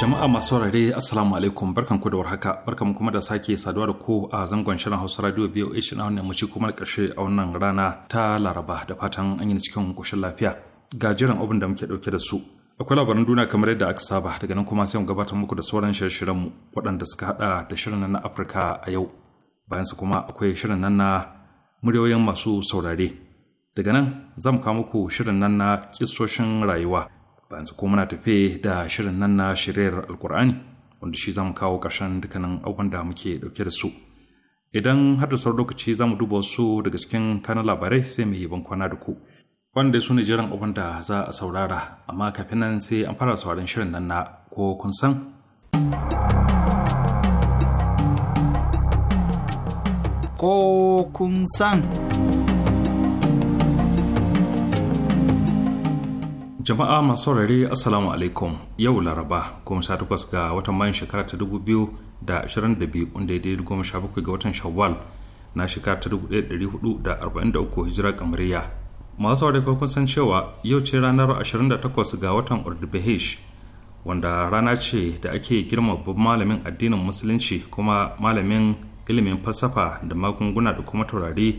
Jama'a masu saurare Assalamu alaikum barkan ku da warhaka barkan kuma da sake saduwa da ku a zangon shirin Hausa Radio VOH na wannan mace kuma karshe a wannan rana ta Laraba da fatan an yi cikin koshin lafiya ga jiran abin da muke dauke da su akwai labaran duniya kamar yadda aka saba daga nan kuma sai mu gabatar muku da sauran shirye-shiryen mu waɗanda suka hada da shirin nan na Afirka a yau bayan su kuma akwai shirin nan na muryoyin masu saurare daga nan za mu kawo muku shirin nan na kisoshin rayuwa bayan ko muna tafe da shirin nan na shiryar alkur'ani wanda shi zamu kawo ƙarshen dukkanin abubuwan da muke ɗauke da su idan har da sauran lokaci za mu duba su daga cikin kanan labarai sai mu yi kwana da ku wanda su ne jiran abin da za a saurara amma kafin nan sai an fara sauraron shirin nan na ko kun san ko kun san jama'a masu saurare assalamu alaikum yau laraba kuma sha takwas ga watan mayun shekara ta dubu biyu da ashirin da biyu wanda ya daidai goma sha bakwai ga watan shawwal na shekara ta dubu ɗaya dari hudu da arba'in da uku hijira kamariya masu saurare kun san cewa yau ce ranar ashirin da takwas ga watan urdubahish wanda rana ce da ake girma babban malamin addinin musulunci kuma malamin ilimin falsafa da magunguna da kuma taurari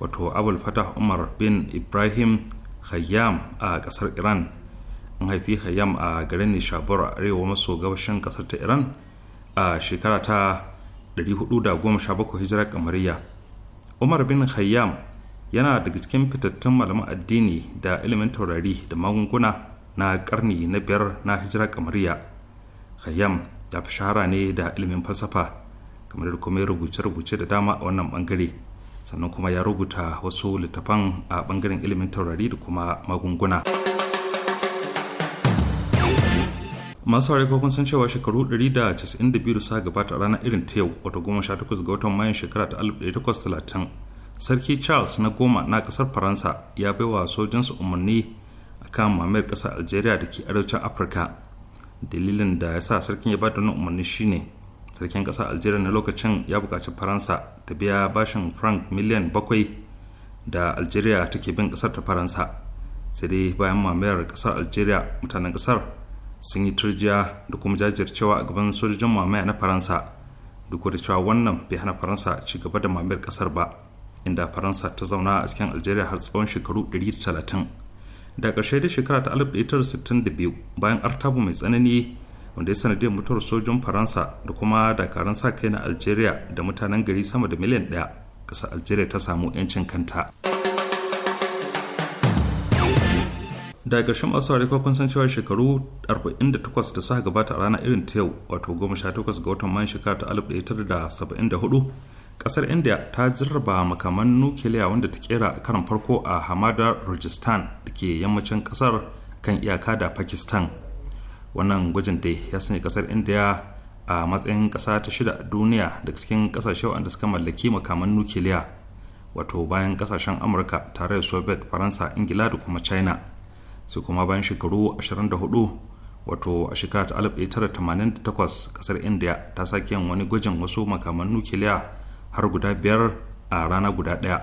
wato abul fatah umar bin ibrahim hayyam a ƙasar iran an haifi hayyam a garin nishabur arewa maso gabashin ƙasar ta iran a shekara ta 417 hijirar kamariya umar bin hayyam yana daga cikin fitattun malaman addini da ilimin taurari da magunguna na karni na biyar na hijirar kamariya hayyam ya fi shahara ne da ilimin falsafa kamar da kuma rubuce-rubuce da dama a wannan bangare sannan kuma ya rubuta wasu littafan a bangaren ilimin taurari da kuma magunguna masu haure kun san cewa shekaru 192 da gabata ranar irin ta yau wato 18 ga watan mayan shekara ta 1830 sarki charles na goma na kasar faransa ya bai wa sojinsu umarni akan mamayar kasar algeria da ke arewacin afirka dalilin da ya sa sarkin ya bada wannan umarni shine sarkin ƙasar algeria na lokacin ya bukaci faransa ta biya bashin frank miliyan bakwai da algeria take bin kasar ta faransa sai dai bayan mamayar kasar algeria mutanen kasar sun yi turjiya da kuma jajircewa a gaban sojojin mamaya na faransa duk da cewa wannan bai hana faransa ci gaba da mamayar kasar ba inda faransa ta zauna a cikin algeria har tsawon shekaru 130 da ƙarshe da shekara ta 1962 bayan artabu mai tsanani wanda ya sanadiyar mutuwar sojin faransa da kuma dakarun sa kai na algeria da mutanen gari sama da miliyan ɗaya ƙasar algeria ta samu 'yancin kanta da ƙarshen masu ware kun san cewa shekaru 48 da suka gabata a ranar irin ta yau wato 18 ga watan mayan shekara ta 1974 ƙasar india ta jirba makaman nukiliya wanda ta kera a karan farko a hamada rajasthan da ke yammacin ƙasar kan iyaka da pakistan wannan gwajin dai ya sanya kasar indiya a matsayin kasa ta shida a duniya daga cikin kasashe wanda suka mallaki makaman nukiliya wato bayan kasashen amurka tare da soviet faransa ingila da kuma china su kuma bayan shekaru 24 wato a shekara ta 1988 kasar india ta sake yin wani gwajin wasu makaman nukiliya har guda biyar a rana guda daya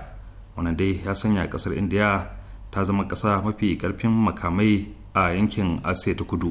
wannan dai ya sanya kasar india ta zama kasa mafi karfin makamai a yankin asiya ta kudu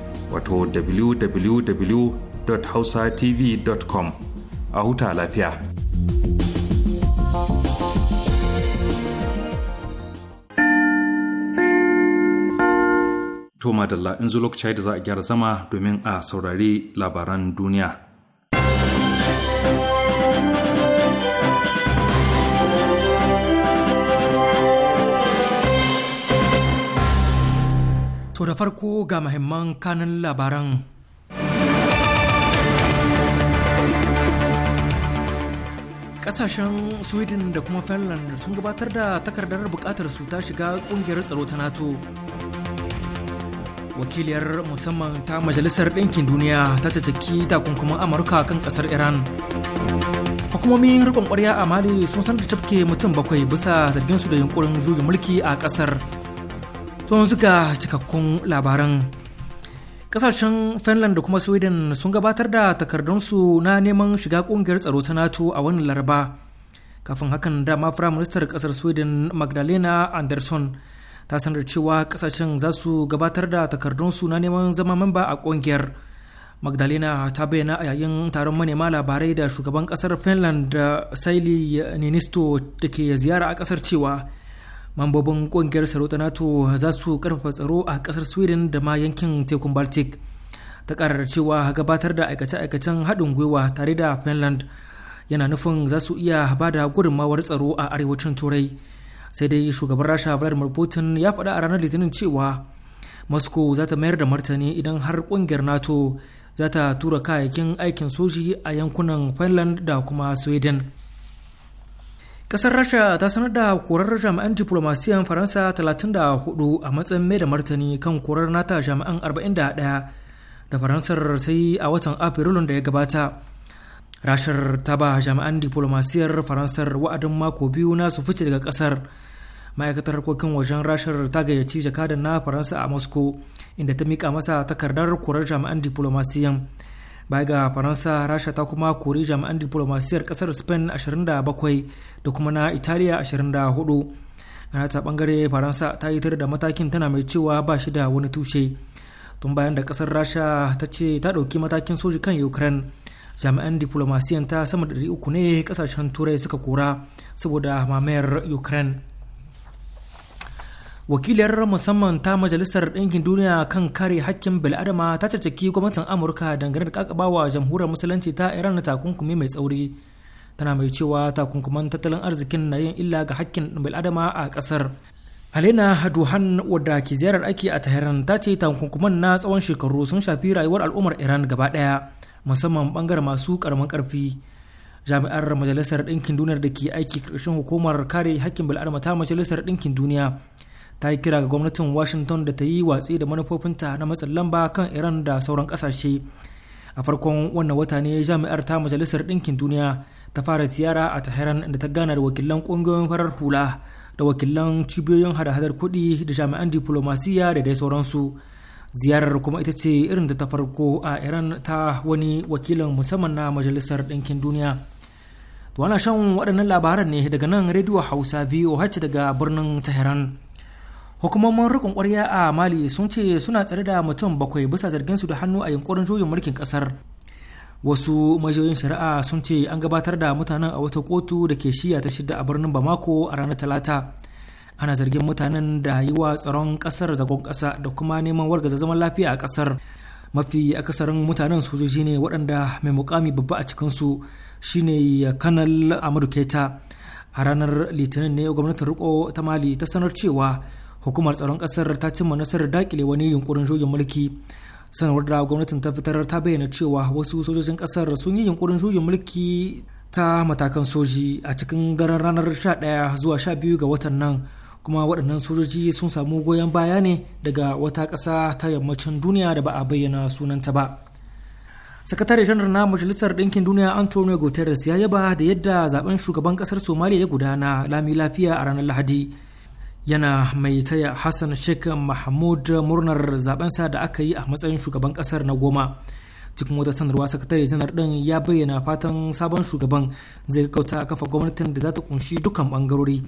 wato www.hausatv.com a huta lafiya. Toma da in zo da za a gyara zama domin a saurari labaran duniya. To da farko ga mahimman kanan labaran. Ƙasashen Sweden da kuma Finland sun gabatar da takardar buƙatar su ta shiga ƙungiyar tsaro ta NATO. Wakiliyar musamman ta Majalisar Ɗinkin Duniya ta cacaki takunkumin Amurka kan ƙasar Iran. Hukumomin riƙon ƙwarya a Mali sun sanar da cafke mutum bakwai bisa zargin su da yunƙurin zuge mulki a ƙasar. to yanzu cikakkun labaran kasashen finland da kuma sweden sun gabatar da takardunsu na neman shiga kungiyar tsaro ta nato a wannan laraba kafin hakan dama firaministar kasar sweden magdalena anderson ta sanar cewa kasashen za su gabatar da takardunsu na neman zama mamba a kungiyar magdalena ta bayyana a yayin taron manema labarai da shugaban kasar finland da saili ninisto da ke ziyara a kasar cewa mambobin kungiyar tsaro ta nato za su karfafa tsaro a kasar sweden da ma yankin tekun baltic ta karar cewa gabatar da aikace-aikacen haɗin gwiwa tare da finland yana nufin za su iya ba da gudunmawar tsaro a arewacin turai sai dai shugaban rasha vladimir putin ya faɗa a ranar litinin cewa moscow za ta mayar da martani idan har kungiyar nato za ta tura kayayyakin aikin soji a yankunan finland da kuma sweden Ƙasar Rasha ta sanar da korar jami'an diplomasiyan Faransa 34 a matsayin mai da martani kan korar nata jami'an 41 da Faransar ta yi a watan Afrilun da ya gabata. Rashar ta ba jami'an diplomasiyar Faransar wa'adin mako biyu na su fice daga ƙasar. Ma'aikatar harkokin wajen Rashar ta gayyaci jakadan na Faransa a Moscow inda ta mika masa takardar korar jami'an diplomasiyan. baya ga faransa rasha ta kuma kori jami'an diplomasiyar kasar spain 27 da kuma na italiya 24 a nata bangare faransa ta yi tare da matakin tana mai cewa ba shi da wani tushe tun bayan da kasar rasha ta ce ta ɗauki matakin soji kan ukraine jami'an diplomasiyan ta sama da uku ne kasashen turai suka kora saboda mamayar ukraine wakiliyar musamman ta majalisar ɗinkin duniya kan kare hakkin bil'adama ta caccaki gwamnatin amurka dangane da kakabawa jamhuriyar musulunci ta iran na takunkumi mai tsauri tana mai cewa takunkuman tattalin arzikin na yin illa ga hakkin bil'adama a ƙasar Halina haduhan wadda ke ziyarar aiki a tahiran ta ce takunkuman na tsawon shekaru sun shafi rayuwar al'ummar Iran gaba ɗaya musamman bangaren masu karamin karfi. Jami'ar Majalisar Ɗinkin Duniyar da ke aiki ƙarshen hukumar kare hakkin bil'adama ta Majalisar Ɗinkin Duniya ta yi kira ga gwamnatin washington da ta yi watsi da manufofinta na matsin lamba kan iran da sauran kasashe a farkon wannan wata ne jami'ar ta majalisar ɗinkin duniya ta fara ziyara a tahiran da ta gana da wakilan ƙungiyoyin farar hula da wakilan cibiyoyin hada-hadar kuɗi da jami'an diplomasiya da dai sauransu ziyarar kuma ita ce irin da ta farko a iran ta wani wakilan musamman na majalisar ɗinkin duniya to ana shan waɗannan labaran ne daga nan rediyo hausa voh daga birnin tahiran. hukumomin rikon kwarya a mali sun ce suna tsare da mutum bakwai bisa zargin su da hannu a yunkurin juyin mulkin kasar wasu majiyoyin shari'a sun ce an gabatar da mutanen a wata kotu da ke shiya ta shida a birnin bamako a ranar talata ana zargin mutanen da yi wa tsaron kasar zagon kasa da kuma neman wargaza zaman lafiya a kasar mafi akasarin mutanen sojoji ne waɗanda mai mukami babba a cikin su shine kanal amadu keta a ranar litinin ne gwamnatin riko ta mali ta sanar cewa hukumar tsaron kasar ta cimma nasarar dakile wani yunkurin juyin mulki sanarwar da gwamnatin ta fitar ta bayyana cewa wasu sojojin kasar sun yi yunkurin juyin mulki ta matakan soji a cikin daren ranar 11 zuwa 12 ga watan nan kuma waɗannan sojoji sun samu goyon baya ne daga wata ƙasa ta yammacin duniya da ba a bayyana sunanta ba sakatare janar na majalisar ɗinkin duniya antonio guterres ya yaba da yadda zaben shugaban ƙasar somaliya ya gudana lami lafiya a ranar lahadi yana mai taya hassan sheikh mahmud murnar zabensa da aka yi a matsayin shugaban kasar na goma cikin wata sanarwa sakatare janar din ya bayyana fatan sabon shugaban zai kauta kafa gwamnatin da za ta kunshi dukkan bangarori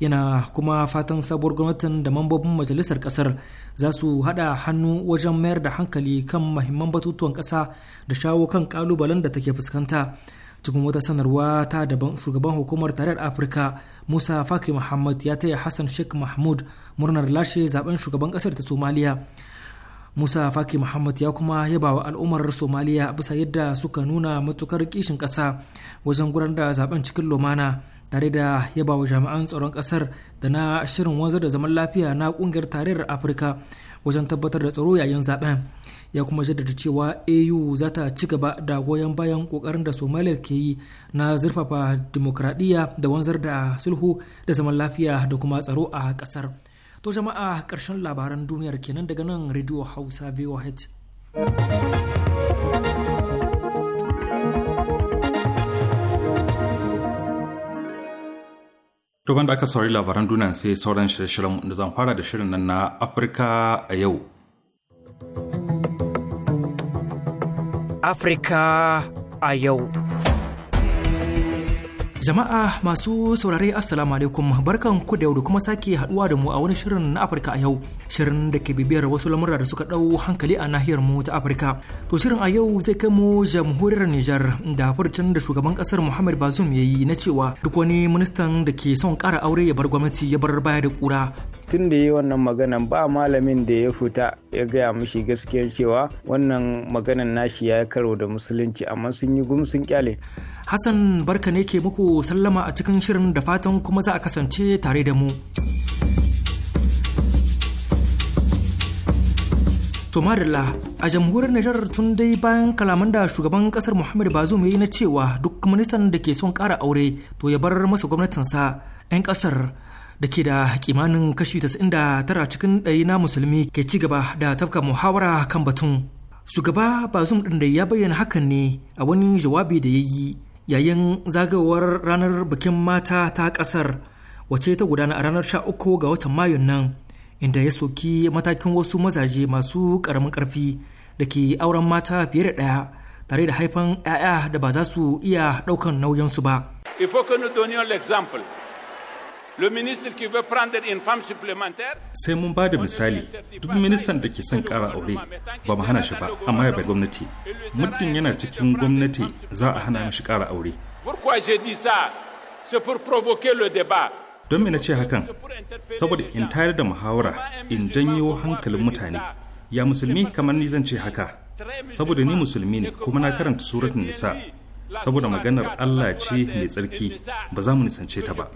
yana kuma fatan sabuwar gwamnatin da mambobin majalisar kasar za su hada hannu wajen mayar da hankali kan mahimman batutuwan kasa da shawo kan kalubalen da take fuskanta cikin wata sanarwa ta daban shugaban hukumar tarayyar afirka musa faki muhammad ya taya hassan sheikh mahmud murnar lashe zaben shugaban kasar ta somaliya musa faki muhammad ya kuma yaba wa al'ummar somaliya bisa yadda suka nuna matukar kishin ƙasa wajen gudanar da zaben cikin lumana tare da yaba wa jami'an tsaron kasar da na shirin wanzar da zaman lafiya na ƙungiyar tarayyar afirka wajen tabbatar da tsaro yayin zaben ya kuma jaddada cewa au za ta ci gaba da goyon bayan kokarin da Somalia ke yi na zurfafa demokradiyya da wanzar da sulhu da zaman lafiya da kuma tsaro a ƙasar to jama'a ƙarshen labaran duniyar kenan daga nan radio hausa voh To da aka saurari labaran duniya sai sauran shirye-shiryen da zan fara da shirin nan na Afirka a yau. Africa, a yau. Jama'a masu saurare Assalamu alaikum barkan ku da yau kuma sake haduwa da mu a wani shirin na Afirka a yau shirin da ke bibiyar wasu lamura da suka dau hankali a nahiyar mu ta Afirka to shirin a yau zai kai mu jamhuriyar Nijar da furcin da shugaban kasar Muhammad Bazoum yayi na cewa duk wani ministan da ke son kara aure ya bar gwamnati ya bar baya da kura tun da yi wannan maganan ba malamin da ya fita ya gaya mishi gaskiyar cewa wannan maganan nashi ya karo da musulunci amma sun yi gumsun kyale Hassan barka ne ke muku sallama a cikin shirin da fatan kuma za a kasance tare da mu. To a jamhuriyar Nijar tun dai bayan kalaman da shugaban kasar Muhammad Bazoum ya yi na cewa duk ministan da ke son kara aure to ya bar masa gwamnatinsa 'yan ƙasar da ke da kimanin kashi 99 cikin ɗari na musulmi ke ci gaba da tafka muhawara kan batun. Shugaba Bazoum ɗin da ya bayyana hakan ne a wani jawabi da ya yi yayin zagawar ranar bikin mata ta kasar wace ta gudana a ranar 13 ga watan mayun nan inda ya soki matakin wasu mazaje masu karamin karfi da ke auren mata fiye da ɗaya tare da haifan 'ya'ya da ba za su iya ɗaukan nauyinsu ba. Il faut que sai mun ba da misali duk ministan da ke son kara aure ba mu hana shi ba amma ya bai gwamnati muddin yana cikin gwamnati za a hana mishi kara aure don me na ce hakan saboda in tayar da muhawara in janyo hankalin mutane ya musulmi kamar ni zan ce haka saboda ni musulmi ne kuma na karanta suratun nisa saboda maganar allah ce mai tsarki ba za mu nisance ta ba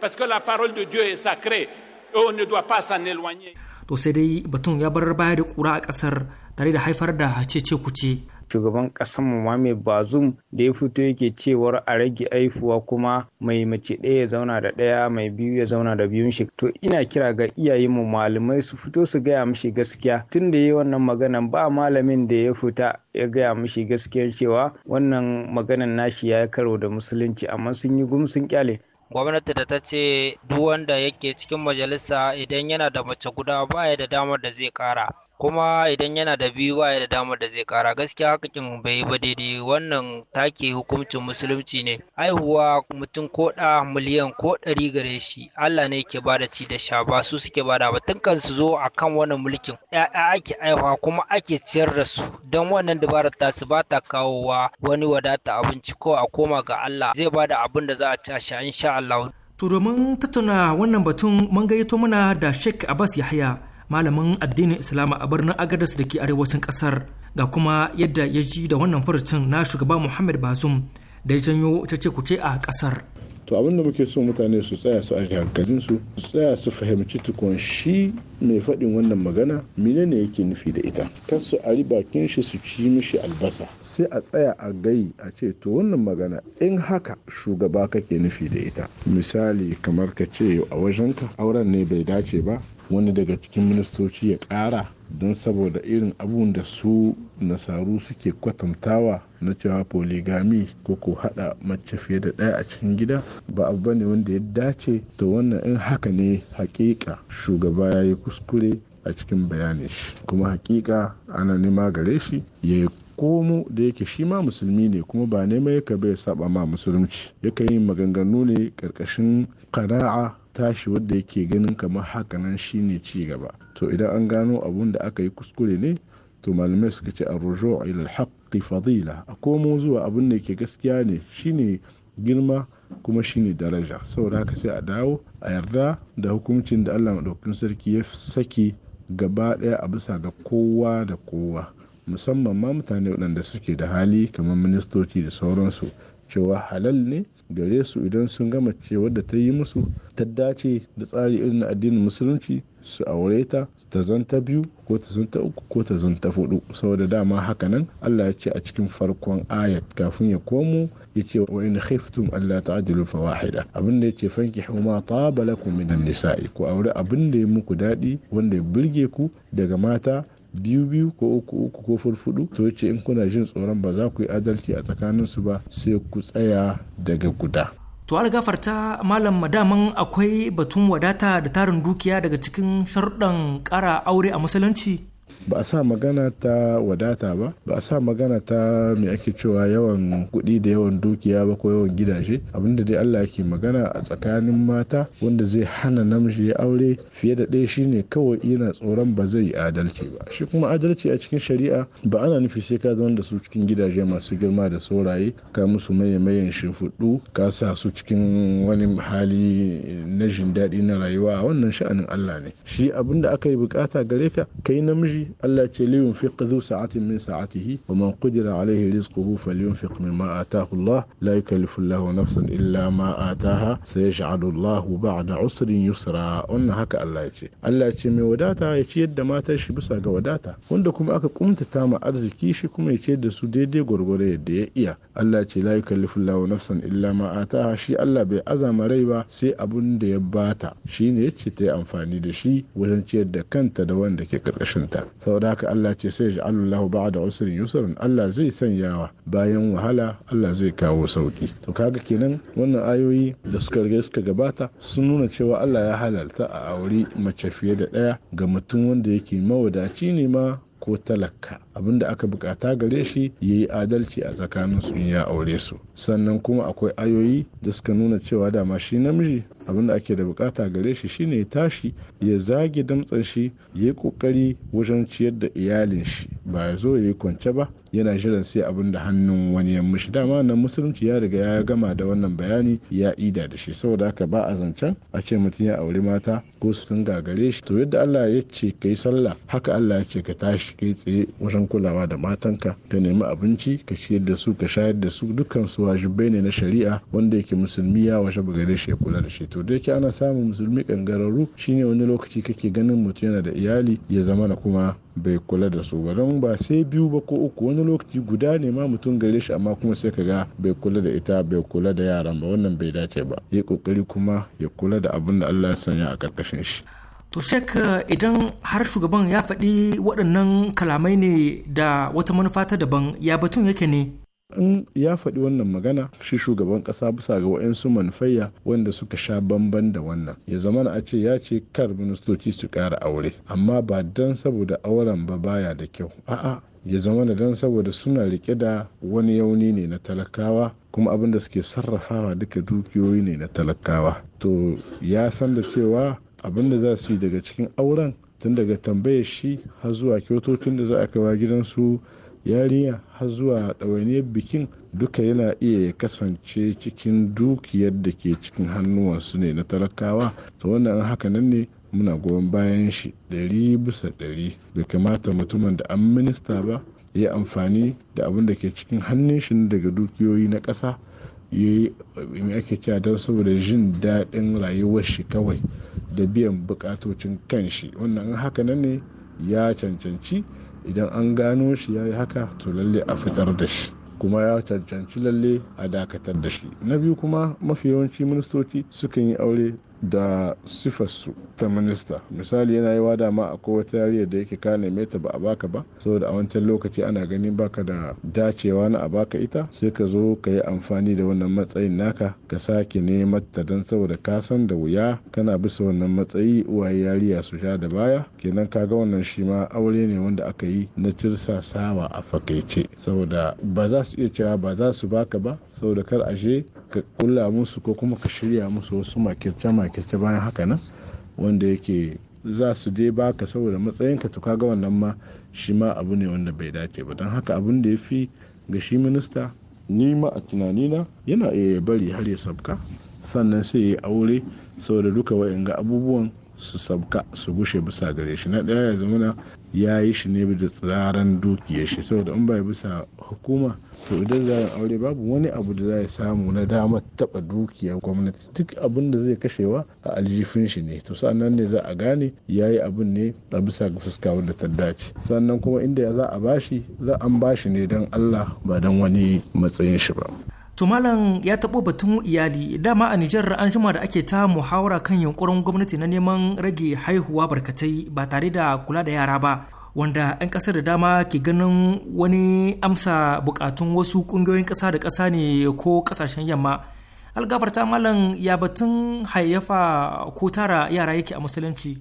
parce que la parole de Dieu est sacrée et on ne doit pas s'en éloigner to sai dai batun ya bar baya da kura a kasar tare da haifar da hace kuce shugaban ƙasar Mame Bazoum da ya fito yake cewar a rage aifuwa kuma mai mace ɗaya ya zauna da ɗaya mai biyu ya zauna da biyun shi to ina kira ga iyayenmu malamai su fito su gaya mishi gaskiya tun da yayi wannan maganan ba malamin da ya fita ya gaya mishi gaskiyar cewa wannan maganan nashi ya karo da musulunci amma sun yi gumsun kyale gwamnati da ta ce duk wanda yake cikin majalisa idan yana da mace guda baya da damar da zai ƙara. kuma idan yana da biyu ba da damar da zai kara gaskiya hakikin bai ba daidai wannan take hukuncin musulunci ne haihuwa mutum ko da miliyan ko ɗari gare shi Allah ne ke bada ci da sha ba su suke bada ba tun kan su zo akan wannan mulkin ya'ya ake haihuwa kuma ake ciyar da su don wannan dabarar ta su ba ta kawowa wani wadata abinci ko a koma ga Allah zai bada abin da za a ci a sha insha Allah to domin tattauna wannan batun mun gayyato mana da Sheikh Abbas Yahya malamin addinin islama a birnin agadas da ke arewacin kasar ga kuma yadda ya ji da wannan furucin na shugaba muhammad bazum da ya janyo ce kuce a kasar to abin da muke so mutane su tsaya su aji hankalinsu su tsaya su fahimci tukun shi mai faɗin wannan magana menene yake nufi da ita kar su ari bakin shi su ci mishi albasa sai a tsaya a gai a ce to wannan magana in haka shugaba kake nufi da ita misali kamar ka ce a wajenka auren ne bai dace ba wani daga cikin ministoci ya ƙara don saboda irin abun da su nasaru suke kwatantawa na cewa poligami ko ko hada mace fiye da ɗaya a cikin gida ba abu bane wanda ya dace to wannan in haka ne hakika shugaba ya yi kuskure a cikin bayanin shi kuma hakika ana nema gare shi ya yi komo da yake shi ma musulmi ne kuma ba nema yaka bai saba ma musulunci yaka yi maganganu ne karkashin kana'a tashi wadda yake ganin kamar haka nan shine ci gaba to idan an gano abun da aka yi kuskure ne to malamai suka ce arrujo ila alhaqi fadila a komo zuwa abun da yake gaskiya ne shine girma kuma shine daraja saboda haka sai a dawo a yarda da hukuncin da Allah madaukakin sarki ya saki gaba daya a bisa ga kowa da kowa musamman ma mutane waɗanda suke da hali kamar ministoci da sauransu cewa halal ne gare su idan sun gama cewar da ta yi musu ta dace da tsari irin addinin musulunci su aure ta ta zanta biyu ko ta zanta uku ko ta zanta hudu saboda dama haka nan Allah ya ce a cikin farkon ayat kafin ya komo ya ce wa in khiftum Allah ta'dilu fa wahida abin da yace fankihu ma taba lakum minan nisa'i ku aure abin da ya muku dadi wanda ya burge ku daga mata biyu biyu ko uku uku ko furfudu to ce in kuna jin tsoron ba za ku yi adalci a tsakanin su ba sai ku tsaya daga guda to gafarta malam madaman akwai batun wadata da tarin dukiya daga cikin sharuɗan kara aure a musulunci ba a sa magana ta wadata ba ba a sa magana ta mai ake cewa yawan kuɗi da yawan dukiya ba ko yawan gidaje abinda dai Allah ke magana a tsakanin mata wanda zai hana namiji ya aure fiye da ɗaya shine kawai yana tsoron ba zai adalci ba shi kuma adalci a cikin shari'a ba ana nufi sai ka zama da su cikin gidaje masu girma da sauraye ka musu maye mayan shimfiɗu ka sa su cikin wani hali na jin daɗi na rayuwa a wannan sha'anin Allah ne shi abinda aka yi bukata gare ka kai namiji shi Allah ce liyun min zu sa'atin min sa'atihi wa man qudira alaihi rizquhu falyunfiq mimma ataahu Allah la yukallifu Allah nafsan illa ma ataaha sayaj'alu Allah ba'da usrin yusra wannan haka Allah ya ce Allah ce mai wadata ya ci yadda matar shi bisa ga wadata wanda kuma aka kumtata ma arziki shi kuma ya ce da su daidai gwargwaro yadda ya iya Allah ce la yukallifu Allah nafsan illa ma ataaha shi Allah bai azama rai ba sai abun da ya bata shine yace ta yi amfani da shi wajen ciyar da kanta da wanda ke karkashinta saboda haka Allah ce sai ji Allah ba da usri yusrun Allah zai sanyawa bayan wahala Allah zai kawo sauki to kaga kenan wannan ayoyi da suka rage suka gabata sun nuna cewa Allah ya halalta a auri mace fiye da daya ga mutum wanda yake mawadaci ne ma ko talaka abin da aka bukata gare shi ya yi adalci a tsakanin su ya aure su sannan kuma akwai ayoyi da suka nuna cewa dama shi namiji abin da ake da bukata gare shi shine ya tashi ya zage damtsan shi ya yi kokari wajen ciyar da iyalin shi ba ya zo ya yi kwance ba yana jiran sai abin da hannun wani ya mushi dama nan musulunci ya riga ya gama da wannan bayani ya ida da shi saboda haka ba a zancen a ce mutum ya aure mata ko su sun gagare shi to yadda Allah ya ce kai sallah haka Allah ya ce ka tashi kai tsaye wajen kulawa da matanka ka nemi abinci ka ciyar da su ka shayar da su dukkan su wajibai ne na shari'a wanda yake musulmi ya washe gare shi ya kula da shi to da yake ana samun musulmi kangararru shine wani lokaci kake ganin mutum yana da iyali ya zama na kuma bai kula da su ba don ba sai biyu ba ko uku wani lokaci guda ne ma mutum gare shi amma kuma sai ka ga bai kula da ita bai kula da yaran ba wannan bai dace ba yi kokari kuma ya kula da abin da Allah ya sanya a karkashin shi to shek eh, idan har shugaban ya faɗi waɗannan kalamai ne da wata manufa ta daban ya batun yake ne in ya faɗi wannan magana shi shugaban ƙasa bisa ga wa'yansu manufayya wanda suka sha bamban da wannan ya zama a ce ya ce kar ministoci su ƙara aure amma ba don saboda auren ba baya da kyau a'a ya zama da don saboda suna riƙe da wani yauni ne na talakawa kuma abin da suke sarrafawa duka dukiyoyi ne na talakawa to ya san da cewa abin da za su yi daga cikin auren tun daga tambayar shi har zuwa kyautocin da za a kawo gidansu yarinya har zuwa ɗawainiyar bikin duka yana iya ya kasance cikin dukiyar da ke cikin hannuwansu ne na talakawa to wannan haka nan ne muna goyon bayan shi ɗari bisa ɗari bai kamata mutumin da an minista ba ya yi amfani da abin da ke cikin hannun shi daga dukiyoyi na ƙasa ya yi ake cewa don saboda jin daɗin rayuwar shi kawai da biyan bukatocin kanshi wannan in haka nan ne ya cancanci idan an gano shi ya yi haka to lalle a fitar da shi kuma ya cancanci lalle a dakatar da shi na biyu kuma mafi yawanci ministoci sukan yi aure da sifarsu ta minista misali yana yi wa dama a kowace yariyar da yake ka neme ta ba a baka ba saboda a wancan lokaci ana ganin baka da dacewa na a baka ita sai ka zo ka yi amfani da wannan matsayin naka ka sake neman ta don saboda ka san da wuya kana bisa wannan matsayi uwaye yariya su sha da baya kenan ka ga wannan shi ma aure ne wanda aka yi na sawa a fakaice saboda ba za su iya cewa ba za su baka ba saboda kar ashe ka kulla musu ko kuma ka shirya musu wasu makirce-makirce bayan haka nan wanda yake za su dai baka saboda matsayin ka tuka ga wannan ma shi ma abu ne wanda bai dace ba don haka abin da ya fi ga shi minista ni ma a tunanina yana iya ya bari har ya sabka sannan sai ya aure saboda duka wa'in abubuwan su sabka su gushe bisa gare shi na ɗaya ya zamana ya yi shi ne da tsiraran dukiyar shi saboda in bai bisa hukuma to idan za a aure babu wani abu da za a samu na damar taɓa dukiya gwamnati duk abin da zai kashewa a aljifin shi ne to sannan ne za a gane ya yi abin ne a bisa ga fuska wadda ta dace sannan kuma inda za a bashi za an bashi ne don allah ba don wani matsayin shi ba Tumalan ya taɓo batun iyali dama a Nijar an jima da ake ta muhawara kan yunkurin gwamnati na neman rage haihuwa barkatai ba tare da kula da yara ba wanda 'yan ƙasar da dama ke ganin wani amsa bukatun wasu ƙungiyoyin ƙasa da ƙasa ne ko ƙasashen yamma algafar ta malam ya batun hayyafa ko tara yara yake a musulunci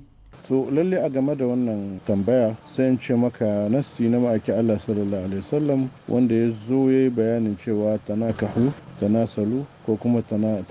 to lalle a game da wannan tambaya sai in ce maka nassi na ma'aiki Allah sallallahu alaihi wasallam wanda ya zo ya yi bayanin cewa tana kahu. تناسلوا كوكما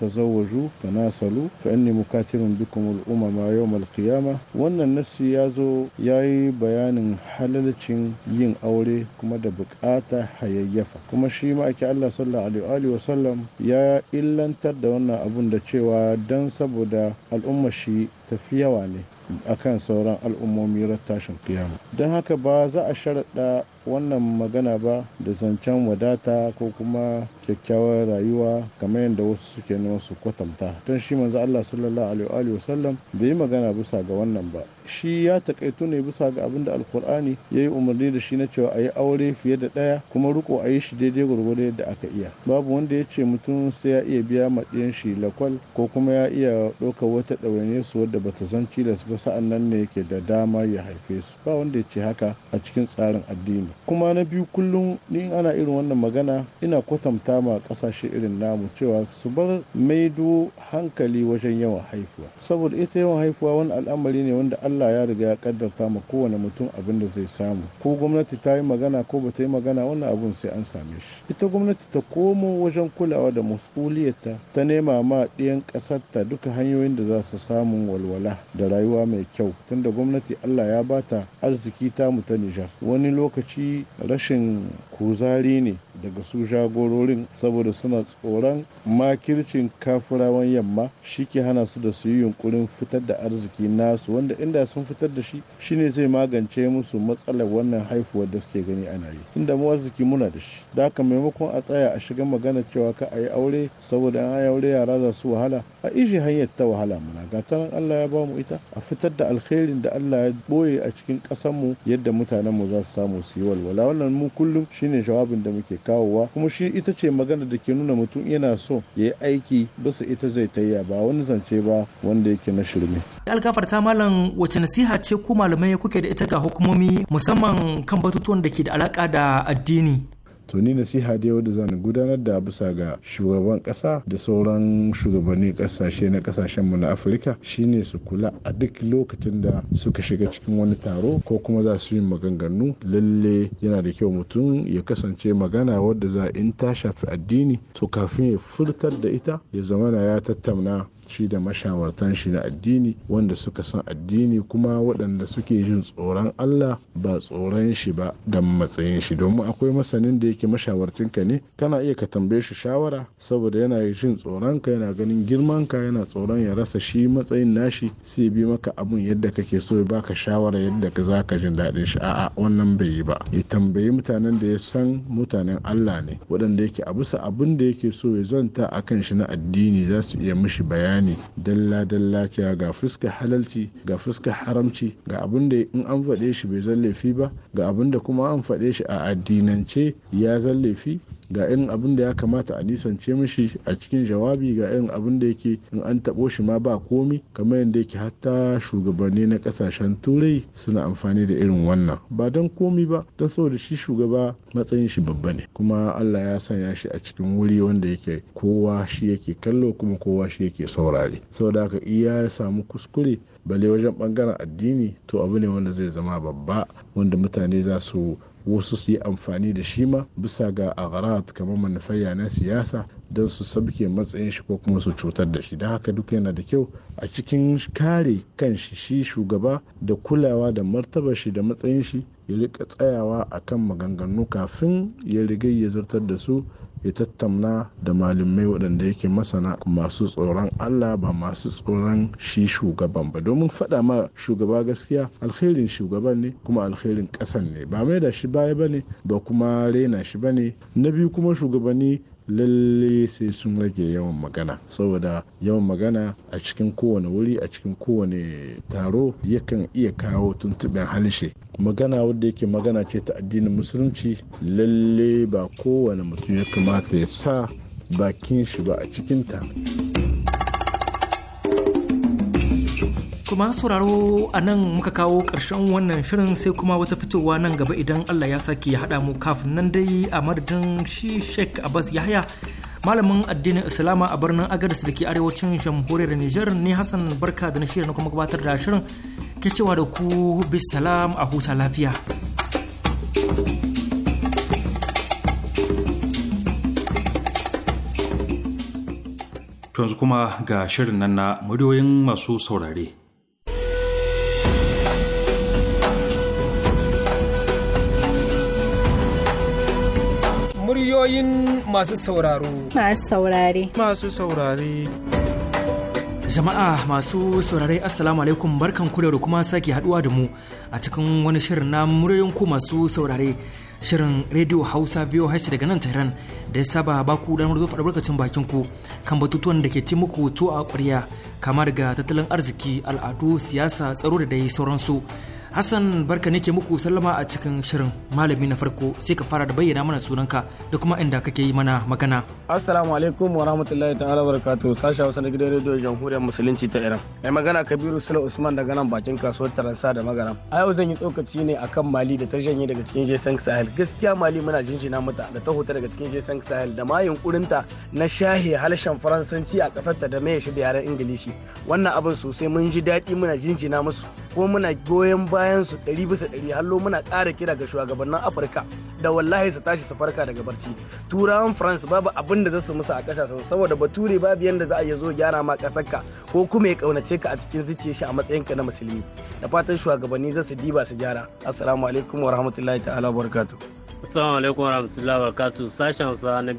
تزوجوا تناسلوا فإني مكاتب بكم الأمم يوم القيامة وأن النفس يازو ياي بيان حللتشين ين أولي كما دبكاتا حييفا كما شيما أكي الله صلى الله عليه وآله وسلم يا إلا انتر وانا أبون دا cewa don saboda al'ummar shi tafi yawa ne akan sauran al'ummomi tashin kiyama don haka ba za a sharaɗa wannan magana ba da zancen wadata ko kuma kyakkyawar rayuwa kamar yadda wasu suke neman su kwatanta don shi manzo Allah sallallahu alaihi wa sallam bai yi magana bisa ga wannan ba shi ya takaitu ne bisa ga abin da alkur'ani ya yi umarni da shi na cewa a yi aure fiye da ɗaya kuma riko a yi shi daidai gwargwado yadda aka iya babu wanda ya ce mutum sai ya iya biya maɗiyan shi lakwal ko kuma ya iya ɗaukar wata ɗawainiyar su wadda bata san cilas ba sa'an nan ne yake da dama ya haife su ba wanda ya ce haka a cikin tsarin addini kuma na biyu kullum ni ana irin wannan magana ina kwatanta ma kasashe irin namu cewa su bar maido hankali wajen yawan haifuwa saboda ita yawan haifuwa wani al'amari ne wanda Allah ya riga ya kaddarta ma kowane mutum abin da zai samu ko gwamnati ta yi magana ko ba ta yi magana wannan abun sai an same shi ita gwamnati ta komo wajen kulawa da mas'uliyarta ta nema ma ɗiyan ƙasarta duka hanyoyin da za su samu walwala da rayuwa mai kyau tunda gwamnati Allah ya bata arziki tamu ta Nijar wani lokaci rashin kuzari ne daga su jagororin saboda suna tsoron makircin kafirawan yamma shi ke hana su da su yi yunkurin fitar da arziki nasu wanda inda sun fitar da shi shine zai magance musu matsalar wannan haifuwar da suke gani ana yi inda mu arziki muna da shi da haka maimakon a tsaya a shiga magana cewa ka a yi aure saboda an yi aure yara za su wahala a ishi hanyar ta wahala muna gatanan Allah ya bamu ita a fitar da alkhairin da Allah ya boye a cikin ƙasar mu yadda mutanenmu za su samu su yi walwala wannan mu kullum shine jawabin da muke kawo kawowa kuma shi ita ce magana da ke nuna mutum yana so ya yi aiki bisa ita zai tayya ba wani zance ba wanda yake na shirme. alkafar ta malam wace nasiha ce ku malamai kuke da ita ga hukumomi musamman kan batutuwan da ke da alaka da addini to ni nasiha da yau da zan gudanar da bisa ga shugaban kasa da sauran shugabannin kasashe na kasashen mu na afirka shine su kula a duk lokacin da suka shiga cikin wani taro ko kuma za su yi maganganu lalle yana da kyau mutum ya kasance magana wadda za in ta shafi addini to kafin ya furtar da ita ya zamana ya tattauna shi da mashawartan shi na addini wanda suka san addini kuma waɗanda suke jin tsoron Allah ba tsoron shi ba da matsayin shi domin akwai masanin da yake mashawartin ka ne kana iya ka tambaye shi shawara saboda yana jin tsoron ka yana ganin girman ka yana tsoron ya rasa shi matsayin nashi sai bi maka abun yadda kake so ya baka shawara yadda ka zaka jin daɗin shi a'a wannan bai yi ba ya tambayi mutanen da ya san mutanen Allah ne waɗanda yake a bisa abin da yake so ya zanta akan shi na addini za su iya mishi bayani bayani dalla dalla cewa ga fuska halalci ga fuska haramci ga abin da in an faɗe shi bai zallafi ba ga abin da kuma an faɗe shi a addinance ya zallafi ga irin abin da ya kamata a nisance mishi a cikin jawabi ga irin abin da yake in an taɓo shi ma ba komi kamar yadda yake hatta shugabanni na kasashen turai suna amfani da irin wannan ba don komi ba don saboda shi shugaba matsayin shi babba ne kuma allah ya sanya shi a cikin wuri wanda yake kowa shi yake kallo kuma kowa shi yake saurare saboda haka iya ya samu kuskure bale wajen bangaren addini to abu ne wanda zai zama babba wanda mutane za su wasu su yi amfani da shi ma bisa ga agharat kamar manufayya na siyasa don su sabke matsayin shi ko kuma su cutar da shi da haka duk yana da kyau a cikin kare kan shi shugaba da kulawa da martabar shi da matsayin shi ya rika tsayawa a kan maganganu kafin ya riga ya zartar da su ya tattamna da malamai waɗanda yake masana masu tsoron Allah ba masu tsoron shi shugaban ba domin faɗa ma shugaba gaskiya alkhairin shugaban ne kuma alkhairin ƙasan ne ba mai da shi baya ba ne ba kuma rena shi ba ne na biyu kuma shugabanni lalle sai sun rage yawan magana saboda yawan magana a cikin kowane wuri a cikin kowane taro yakan iya kawo tuntuɓin halishe magana wadda yake magana ce ta addinin musulunci lalle ba kowane mutum ya kamata ya sa bakin shi ba a cikinta. kuma sauraro a nan muka kawo ƙarshen wannan shirin sai kuma wata fitowa nan gaba idan Allah ya sake ya haɗa mu kafin nan dai a madadin shi Sheikh Abbas Yahya malamin addinin Islama a birnin Agadis da ke arewacin jamhuriyar niger ne Hassan Barka da na shirin kuma gabatar da shirin ke cewa da ku bisalam a huta lafiya. yanzu kuma ga shirin nan na muryoyin masu saurare. muryoyin masu sauraro. Masu saurare. Masu saurare. Jama'a masu saurare Assalamu alaikum barkan kure da kuma sake haduwa da mu a cikin wani shirin na muryoyin ku masu saurare. Shirin Radio Hausa biyu hashi daga nan Tehran da ya saba baku damar zo faɗa barkacin bakin ku kan batutuwan da ke ci muku to a ƙwarya kamar ga tattalin arziki, al'adu, siyasa, tsaro da dai sauransu. Hassan barka nake muku sallama a cikin shirin malami na farko sai ka fara da bayyana mana sunanka da kuma inda kake yi mana magana. Assalamu alaikum wa rahmatullahi ta'ala wa barakatuh sashen Hausa na gidan rediyo Jamhuriyar Musulunci ta Iran. Mai magana Kabiru Sule Usman daga nan bakin kasuwar Taransa da magana. A yau zan yi tsokaci ne a kan Mali da ta yi daga cikin Jason Sahel. Gaskiya Mali muna jinjina mata da ta huta daga cikin Jason Sahel da ma yunkurinta na shahe harshen Faransanci a ta da mai shi da yaren Ingilishi. Wannan abin sosai mun ji daɗi muna jinjina musu kuma muna goyon baya bayansu su ɗari bisa ɗari hallo muna ƙara kira ga shugabannin afirka da wallahi su tashi su farka daga barci turawan france babu abin da za su musu a ƙasashen saboda bature babu yadda za a iya zo gyara ma ka ko kuma ya ƙaunace ka a cikin zuciyar shi a matsayinka na musulmi da fatan shugabanni za su diba su gyara assalamu alaikum wa rahmatullahi ta'ala wa Assalamu alaikum warahmatullahi wabarakatuh sashen sa na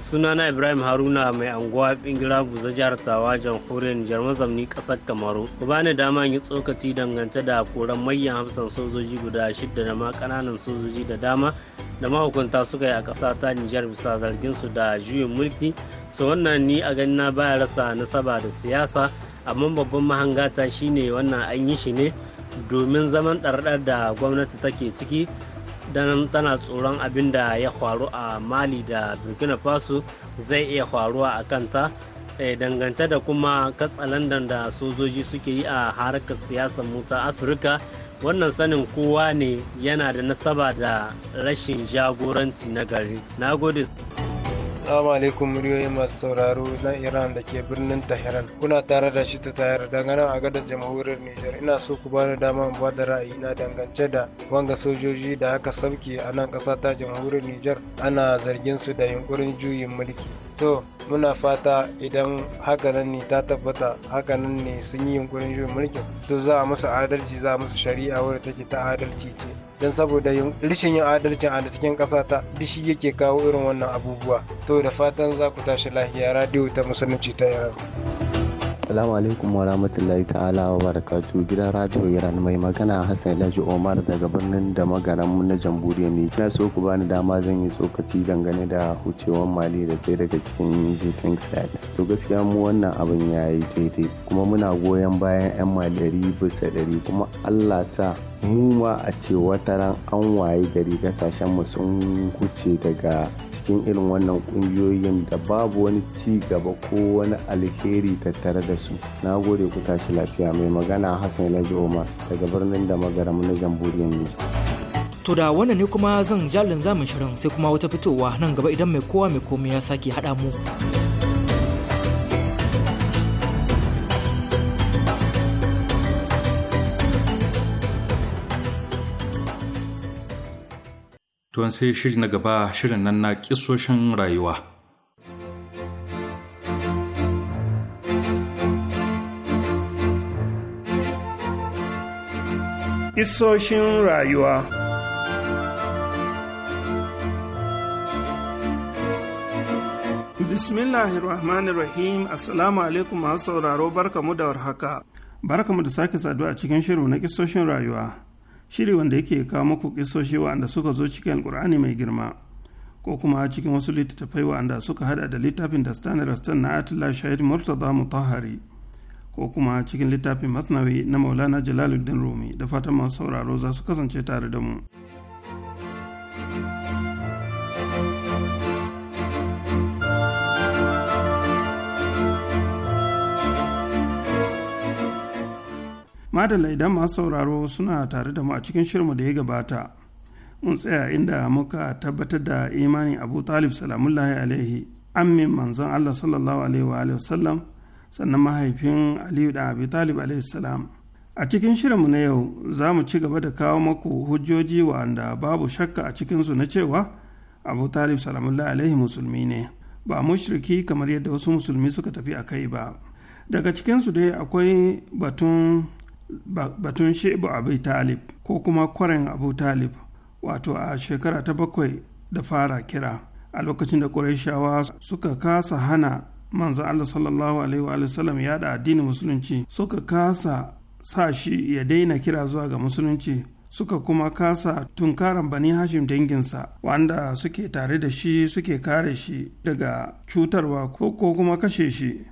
Suna na Ibrahim Haruna mai anguwa Bingira Buza jihar Tawa jamhuriyar Nijar mazamni kasar Kamaru. Ku bani dama yi tsokaci dangance da koran mayyan hamsin sojoji guda shidda da ma kananan sojoji da dama da mahukunta suka yi a ƙasa ta Nijar bisa zargin su da juyin mulki. So wannan ni a ganina baya rasa nasaba da siyasa amma babban mahangata shine wannan an yi shi ne domin zaman ɗarɗar da gwamnati take ciki dan tana tsoron abin da ya faru a mali da burkina faso zai iya faruwa a kanta eh, dangance da kuma katsalandan da sojoji suke yi a harkar siyasar muta afirka wannan sanin kowa ne yana da nasaba da rashin jagoranci na gari na gode Assalamu alaikum muryoyi masu sauraro na Iran da ke birnin Tehran. Kuna tare da shi ta tayar dangane a gadar jamhuriyar Nijar. Ina so ku bani dama in bada ra'ayi na dangance da wanga sojoji da aka sauke a nan ƙasa ta jamhuriyar Nijar ana zargin su da yunkurin juyin mulki. To muna fata idan hakanan ne ta tabbata hakanan ne sun yi yunkurin juyin mulkin to za a musu adalci za a musu shari'a wadda take ta adalci ce. don saboda rashin yin adalcin a cikin ƙasa ta dishi yake kawo irin wannan abubuwa to da fatan za ku tashi lahiya radiyo ta musulunci ta yaro. Assalamu alaikum wa rahmatullahi ta'ala wa barakatu gidan radio Iran mai magana Hassan Laji Omar daga birnin da magaran na jamhuriya ne. Ina so ku bani dama zan yi tsokaci dangane da hucewar Mali da ɗaya daga cikin jikin sad. To gaskiya mu wannan abin ya yi daidai kuma muna goyon bayan 'yan Mali bisa dari kuma Allah sa mu ma a ce wataran an waye gari kasashen mu sun huce daga cikin irin wannan kungiyoyin da babu wani ci gaba ko wani alheri tattare da su na gode ku tashi lafiya mai magana hassan laji umar daga birnin da magaram na jamhuriyar ne. To da wannan ne kuma zan jalin zamin shirin sai kuma wata fitowa nan gaba idan mai kowa mai komai ya sake haɗa mu. don sai shiri na gaba shirin nan na kisoshin rayuwa. Kisoshin rayuwa Bismillahirrahmanirrahim Assalamu alaikum masu sauraro barkamu da warhaka. Barkamu da sake saduwa a cikin shirin na kisoshin rayuwa. shiri wanda yake kawo muku kisoshi wa'anda suka zo cikin alkur'ani mai girma ko kuma cikin wasu littattafai wa'anda suka hada da littafin da stanley rastan na atila shahid murtaza mutahari ko kuma cikin littafin masnawi na maulana jalaluddin rumi da fatan masu sauraro za su kasance tare da mu. madalla idan masu sauraro suna tare da mu a cikin shirinmu da ya gabata mun tsaya inda muka tabbatar da imanin abu talib salamullahi alaihi ammin manzon allah sallallahu alaihi wa sallam sannan mahaifin aliyu da abu talib alaihi salam a cikin shirinmu na yau za mu ci gaba da kawo maku hujjoji wanda babu shakka a cikinsu na cewa abu talib salamullahi alaihi musulmi ne ba mushriki kamar yadda wasu musulmi suka tafi a kai ba daga cikinsu dai akwai batun batun shebu abu talib ko kuma kwaren abu talib wato a shekara ta bakwai da fara kira a lokacin da ƙurayshawa suka kasa hana manzo Allah sallallahu alaihi wa sallam yada addinin musulunci suka kasa sa shi ya daina kira zuwa ga musulunci suka kuma kasa tunkaran bani hashim danginsa wanda suke tare da shi suke kare shi daga cutarwa ko kuma kashe shi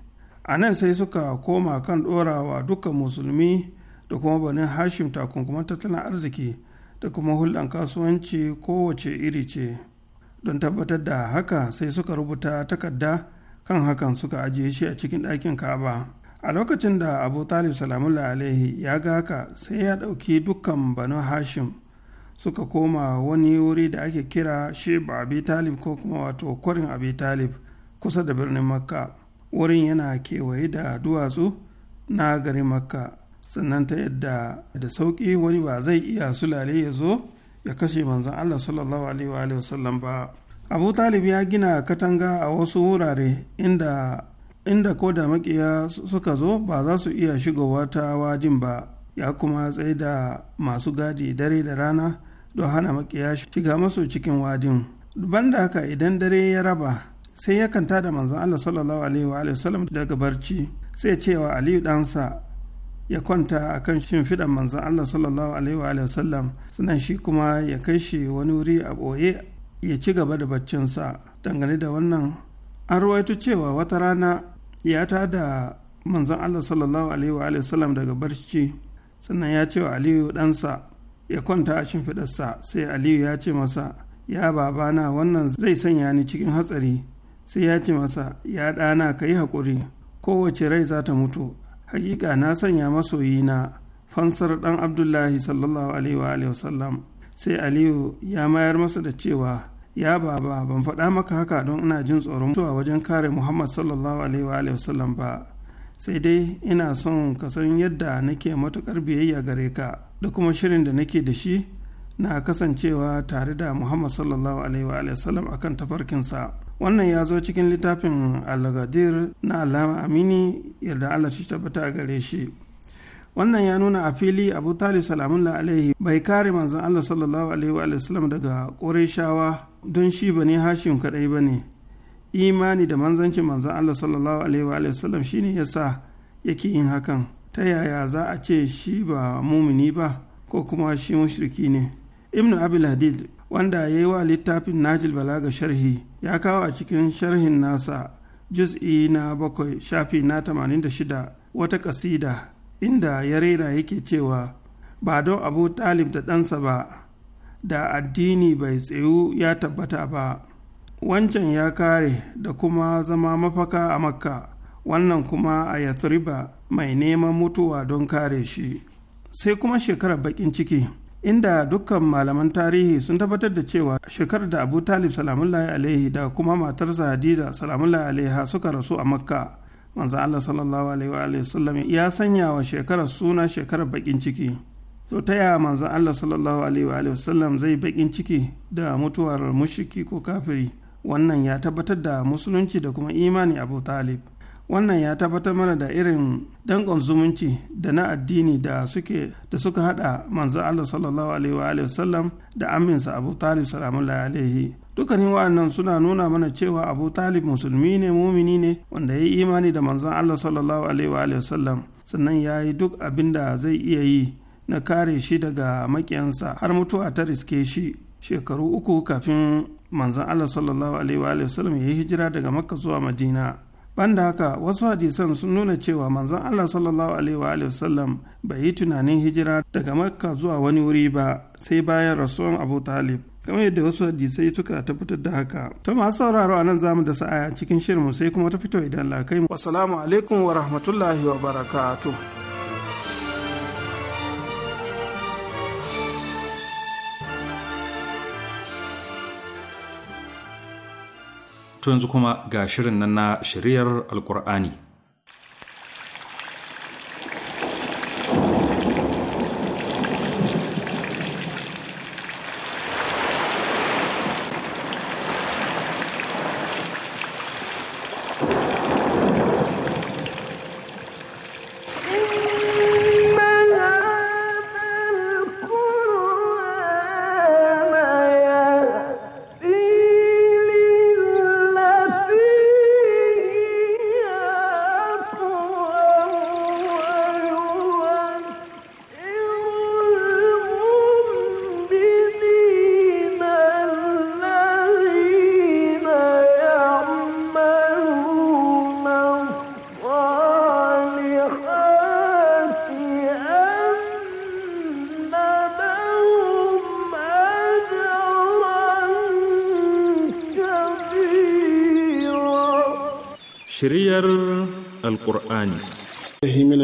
a nan sai suka koma kan ɗorawa dukkan musulmi da kuma banin hashim takunkuman tattalin arziki da kuma hulɗan kasuwanci kowace iri ce don tabbatar da haka sai suka rubuta takarda kan hakan suka ajiye shi a cikin ɗakin ka'aba a lokacin da abu talib salamullah alaihi ya ga haka sai ya ɗauki dukkan Banin hashim suka koma wani wuri da ake kira sheba abi talib ko kuma wato kwarin abi talib kusa da birnin makka wurin yana kewaye da duwatsu na garin makka sannan ta yadda da sauƙi wani ba zai iya sulale ya zo ya kashe manzan Allah sallallahu alaihi wa ba Abu Talib ya gina katanga a wasu wurare inda inda ko da makiya suka zo ba za su iya shigowa ta wajin ba ya kuma tsaye da masu gadi dare da rana don hana makiya shiga masu cikin wadin banda haka idan dare ya raba sai ya kanta da manzan Allah sallallahu alaihi wa daga barci sai cewa Aliyu ɗansa ya kwanta a kan shimfiɗan manzan Allah sallallahu alaihi wa sallam sannan shi kuma ya kai shi wani wuri a ɓoye ya ci gaba da baccinsa dangane da wannan an ruwaito cewa wata rana ya ta da manzan Allah sallallahu alaihi wa sallam daga barci sannan ya ce wa Aliyu ɗansa ya kwanta a shimfiɗarsa sai Aliyu ya ce masa ya babana wannan zai sanya ni cikin hatsari sai ya ce masa ya ɗana ka yi haƙuri kowace rai za ta mutu hakika na sanya masoyina fansar dan abdullahi sallallahu alaihi wa sallam sai aliyu ya mayar masa da cewa ya baba ban faɗa maka haka don ina jin tsoron mutuwa wajen kare muhammad sallallahu alaihi wa sallam ba sai dai ina son ka san yadda nake matuƙar biyayya gare ka da kuma shirin da nake da shi na kasancewa tare da muhammad sallallahu alaihi wa sallam akan tafarkinsa wannan ya zo cikin littafin al na alama amini yadda allah shi tabbata a gare shi wannan ya nuna a fili abu talib salamullah alaihi bai kare manzan allah sallallahu alaihi wa sallam daga ƙorishawa don shi ba bane kaɗai kadai ne. imani da manzancin manzan allah sallallahu alaihi wa sallam ne yasa yake yin hakan ta yaya za a ce shi ba mumini ba ko kuma shi mushriki ne ibnu abil wanda ya yi wa littafin najil Bala ga sharhi ya kawo a cikin sharhin nasa juz'i na bakwai shafi na tamanin da shida. wata kasida inda ya rera yake cewa ba don abu talib da ɗansa ba da addini bai tsayu ya tabbata ba wancan ya kare da kuma zama mafaka a makka wannan kuma a yathriba mai neman mutuwa don kare shi sai kuma shekarar bakin ciki inda dukkan malaman tarihi sun tabbatar da cewa shekarar da abu talib salamullahi alaihi da kuma matarsa hadiza salamullahi alaiha suka rasu a makka manzan allah sallallahu alaihi wa sallam ya sanya wa shekarar suna shekarar bakin ciki to ta yaya manzan allah sallallahu alaihi wa sallam zai bakin ciki da mutuwar mushiki ko kafiri wannan ya tabbatar da musulunci da kuma imani abu talib wannan ya tabbatar mana da irin dangon zumunci da na addini da suke da suka hada manzo Allah sallallahu alaihi wa sallam da aminsa Abu Talib salamullahi alaihi dukkanin wa'annan suna nuna mana cewa Abu Talib musulmi ne mumini ne wanda ya yi imani da manzan Allah sallallahu alaihi wa sallam sannan ya yi duk abin da zai iya yi na kare shi daga makiyansa har mutuwa ta riske shi shekaru uku kafin manzon Allah sallallahu alaihi wa sallam ya yi hijira daga Makka zuwa Madina banda haka wasu hadisan sun nuna cewa manzon Allah sallallahu alaihi wa wasallam bai yi tunanin hijira daga makka zuwa wani wuri ba sai bayan rasuwan abu talib kamar yadda wasu hadisai suka tabbatar da haka to masu sauraro a nan zamu da sa'a cikin shirinmu sai kuma ta fito idan lakai mu assalamu alaikum wa rahmatullahi wa barakatuh to yanzu kuma ga shirin nan na shiryar alkur'ani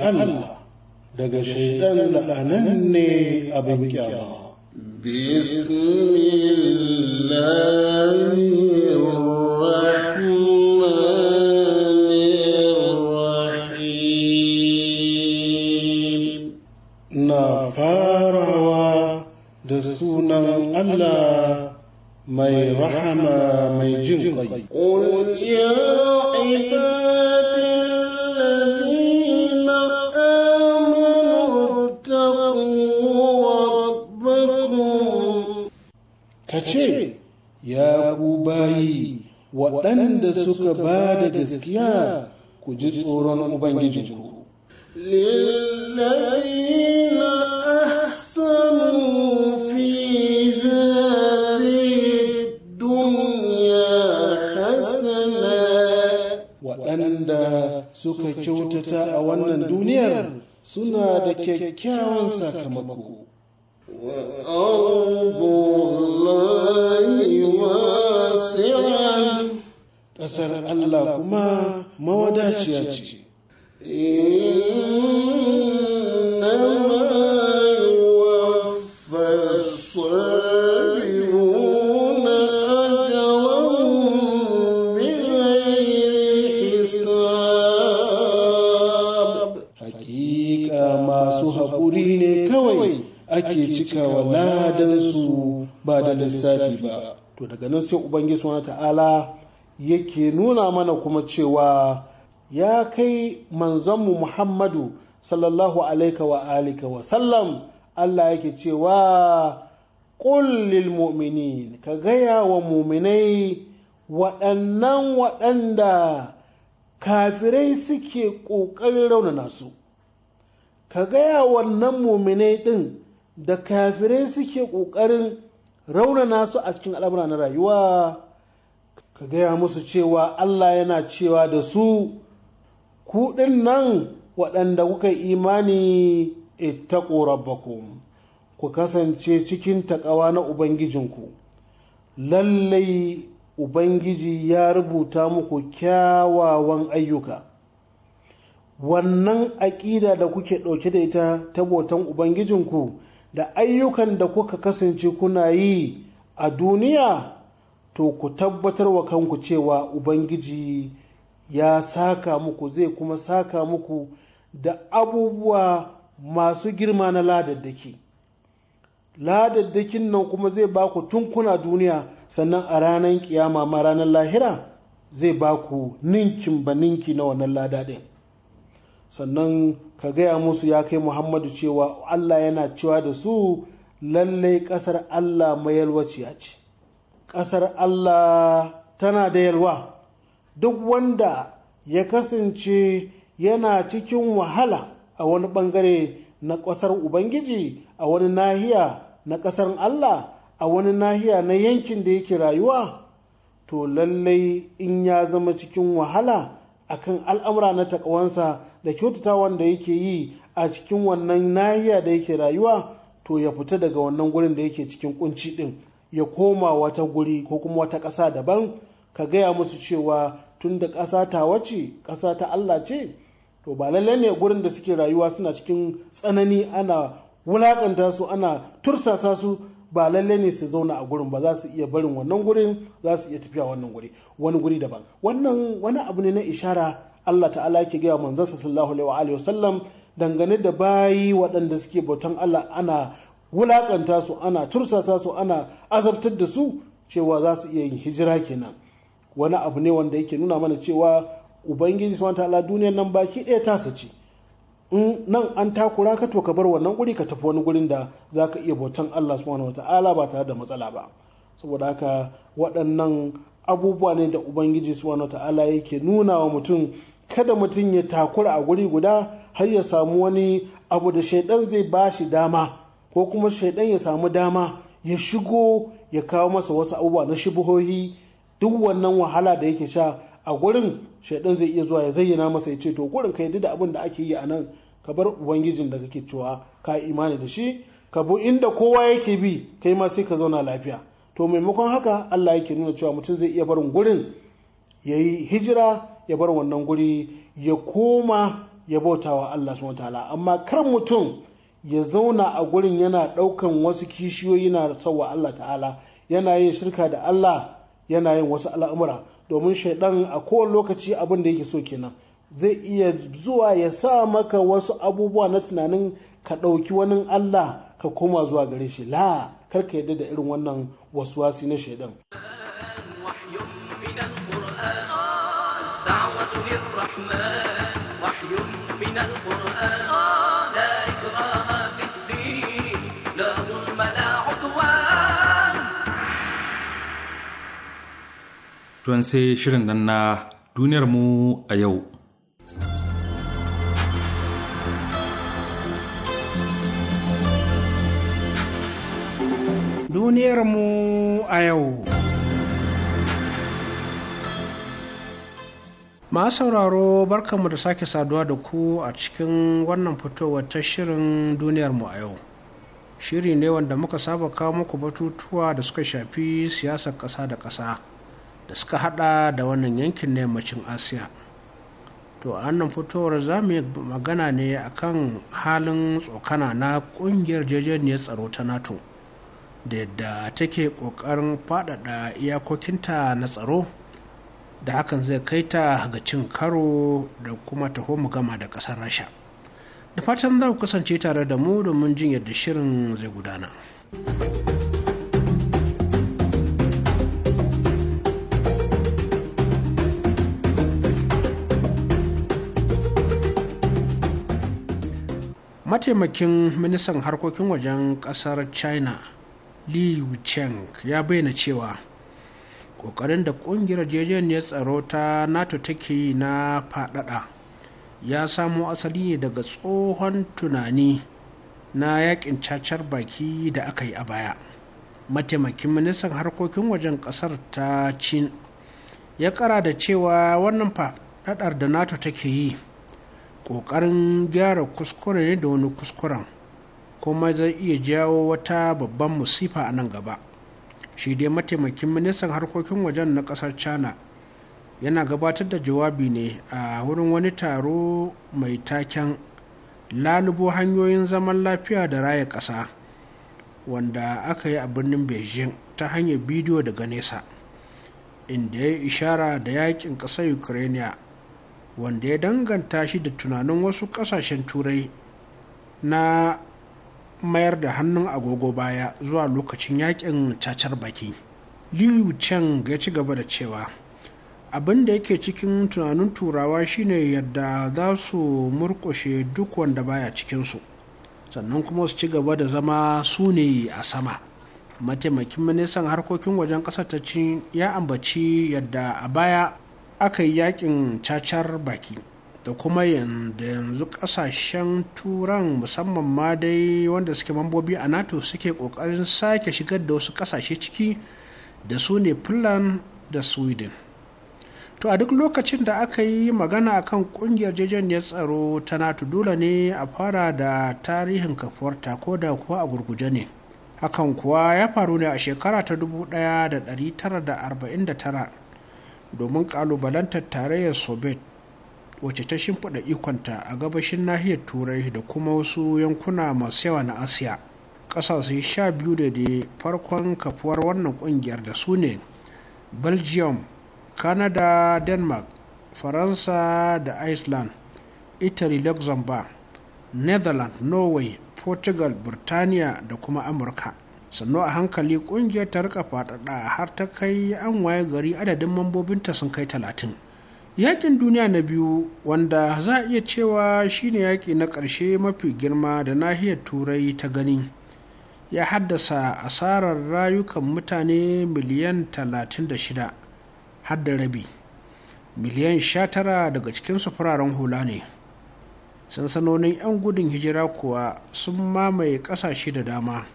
Allah daga shaidan la'anan ne abin kyama. Na farawa da sunan Allah mai rahama mai jin ƙai. waɗanda suka ba da gaskiya ku ji tsoron ubangijinku للذين أحسنوا في هذه الدنيا حسنة وأن سكا كوتتا أولا دنيا سنة دكا كاون ساكمكو وأرض الله ƙasar Allah kuma mawadaciya ce. ake cikawa ladansu ba da lissafi ba to daga nan sai ubangiji subhanahu ta'ala yake nuna mana kuma cewa ya kai manzonmu muhammadu sallallahu alaika wa alika wa sallam allah yake cewa kullil mu'minin ka gaya wa muminai waɗannan waɗanda kafirai suke ƙoƙarin raunana su ka gaya wannan muminai ɗin da kafirai suke ƙoƙarin raunana su a cikin al'amura na rayuwa ka gaya musu cewa Allah yana cewa da su kuɗin nan waɗanda kuka imani ittaqu rabbakum ku kasance cikin taƙawa na ubangijinku lallai ubangiji ya rubuta muku kyawawan ayyuka wannan aƙida da kuke ɗauke da ita ta botan ubangijinku da ayyukan da kuka kasance kuna yi a duniya to ku tabbatar wa kanku cewa ubangiji ya saka muku zai kuma saka muku da abubuwa masu girma na ladaddaki ladaddakin nan kuma zai ba ku tunkuna duniya sannan a ranar kiyama ma ranar lahira zai ba ku ninkin ba ninki na wannan lada ɗin sannan ka gaya musu ya kai muhammadu cewa allah yana cewa da su lallai ƙasar allah mayalwaciya ce ƙasar Allah tana da yalwa duk wanda ya kasance yana cikin wahala a wani ɓangare na ƙasar Ubangiji a wani nahiya na ƙasar Allah a wani nahiya na yankin da yake rayuwa to lallai in ya zama cikin wahala a kan al'amura na takawansa da kyautata wanda yake yi a cikin wannan nahiya da yake rayuwa to ya fita daga wannan gurin da yake cikin kunci ɗin ya koma wata guri ko kuma wata ƙasa daban ka gaya musu cewa tun da ƙasa ta wace ƙasa ta Allah ce to ba lallai ne gurin da suke rayuwa suna cikin tsanani ana wulaƙanta su ana tursasa su ba lallai ne su zauna a gurin ba za su iya barin wannan gurin za su iya tafiya wannan guri wani guri daban wannan wani abu ne na ishara Allah ta'ala yake gaya manzansa sallallahu alaihi wa sallam dangane da bayi waɗanda suke bautan Allah ana wulakanta su ana tursasa su ana azabtar da su cewa za su iya yin hijira kenan wani abu ne wanda yake nuna mana cewa ubangiji su ta'ala duniyar nan baki ɗaya tasa ce in nan an takura ka to ka bar wannan guri ka tafi wani gurin da za ka iya bautan Allah subhanahu ta'ala ba tare da matsala ba saboda haka waɗannan abubuwa ne da ubangiji subhanahu ta'ala yake nuna wa mutum kada mutum ya takura a guri guda har ya samu wani abu da shaidan zai ba shi dama ko kuma shaidan ya samu dama ya shigo ya kawo masa wasu abubuwa na shubuhohi duk wannan wahala da yake sha a gurin shaidan zai iya zuwa ya zayyana masa ya ce to gurin ka yi da abin da ake yi a nan ka bar ubangijin da kake cewa ka imani da shi ka bu inda kowa yake bi kai ma sai ka zauna lafiya to maimakon haka Allah yake nuna cewa mutum zai iya barin gurin ya yi hijira ya bar wannan guri ya koma ya bautawa Allah subhanahu wataala amma kar mutum ya zauna a gurin yana ɗaukan wasu kishiyoyi na sauwa Allah ta'ala yana yin shirka da Allah yana yin wasu al'amura domin shaidan a kowane lokaci abin da yake so kenan zai iya zuwa ya sa maka wasu abubuwa na tunanin ka ɗauki wani Allah ka koma zuwa gare shi la karka yadda da irin wannan wasi na shaidan don sai shirin nan na duniyarmu a yau. mu a yau. Masu sauraro barkanmu da sake saduwa da ku a cikin wannan fitowar ta shirin duniyar mu a yau. Shiri ne wanda muka saba kawo muku batutuwa da suka shafi siyasar ƙasa da ƙasa. da suka hada da wannan yankin na yammacin asiya to a wannan fitowar za mu yi magana ne akan halin tsokana na kungiyar jejeniyar tsaro ta nato da yadda take kokarin fadada iyakokinta na tsaro da hakan zai kai ta ga cin karo da kuma taho mu gama da ƙasar rasha da fatan za ku kasance tare da mu domin jin yadda shirin zai gudana. mataimakin ministan harkokin wajen kasar china Li cheng ya bayyana cewa kokarin da kungiyar jejeniyar tsaro ta nato take yi na fadada ya samo asali ne daga tsohon tunani na yakin cacar baki da aka yi a baya mataimakin ministan harkokin wajen kasar ta cin ya kara da cewa wannan fadadar da nato take yi ƙoƙarin gyara kuskure ne da wani kuskuren kuma zai iya jawo wata babban musifa a nan gaba shi dai mataimakin ministan harkokin wajen na ƙasar china yana gabatar da jawabi ne a wurin wani taro mai taken lalubo hanyoyin zaman lafiya da raya ƙasa wanda aka yi a birnin beijing ta hanyar bidiyo daga nesa inda ya yi ishara da yakin ƙasar ukraine wanda ya danganta shi da tunanin wasu ƙasashen turai na mayar da hannun agogo baya zuwa lokacin yakin cacar baki liu cheng ya ci gaba da cewa abin da yake cikin tunanin turawa shine yadda za su murkushe duk wanda baya cikinsu sannan kuma su ci gaba da zama su ne a sama mataimakin ministan harkokin wajen ƙasar ta ya ambaci yadda a baya aka yi yakin cacar baki da kuma yanzu kasashen turan musamman ma dai wanda suke mambobi a nato suke kokarin sake shigar da wasu kasashe ciki da su ne finland da sweden to a duk lokacin da aka yi magana a kan kungiyar ya tsaro ta nato dole ne a fara da tarihin kafuwarta ko da kuwa a gurguje ne hakan kuwa ya faru ne a shekara ta 1949 domin ƙalubalantar tarayyar soviet wacce ta shimfiɗa ikonta a gabashin nahiyar turai da kuma wasu yankuna masu yawa na asiya ƙasashe sha biyu da da farkon kafuwar wannan ƙungiyar da su ne belgium canada denmark faransa da iceland italy luxembourg netherlands norway portugal burtaniya da kuma amurka sannu a hankali kungiyar ta rika faɗaɗa har ta kai an waye gari adadin mambobinta sun kai talatin yakin duniya na biyu wanda za a iya cewa shine yaƙi na ƙarshe mafi girma da nahiyar turai ta gani ya haddasa asarar rayukan mutane miliyan 36 har da rabi miliyan 19 daga cikin sufuraren hula ne sansanonin 'yan gudun hijira kuwa sun mamaye ƙasashe da dama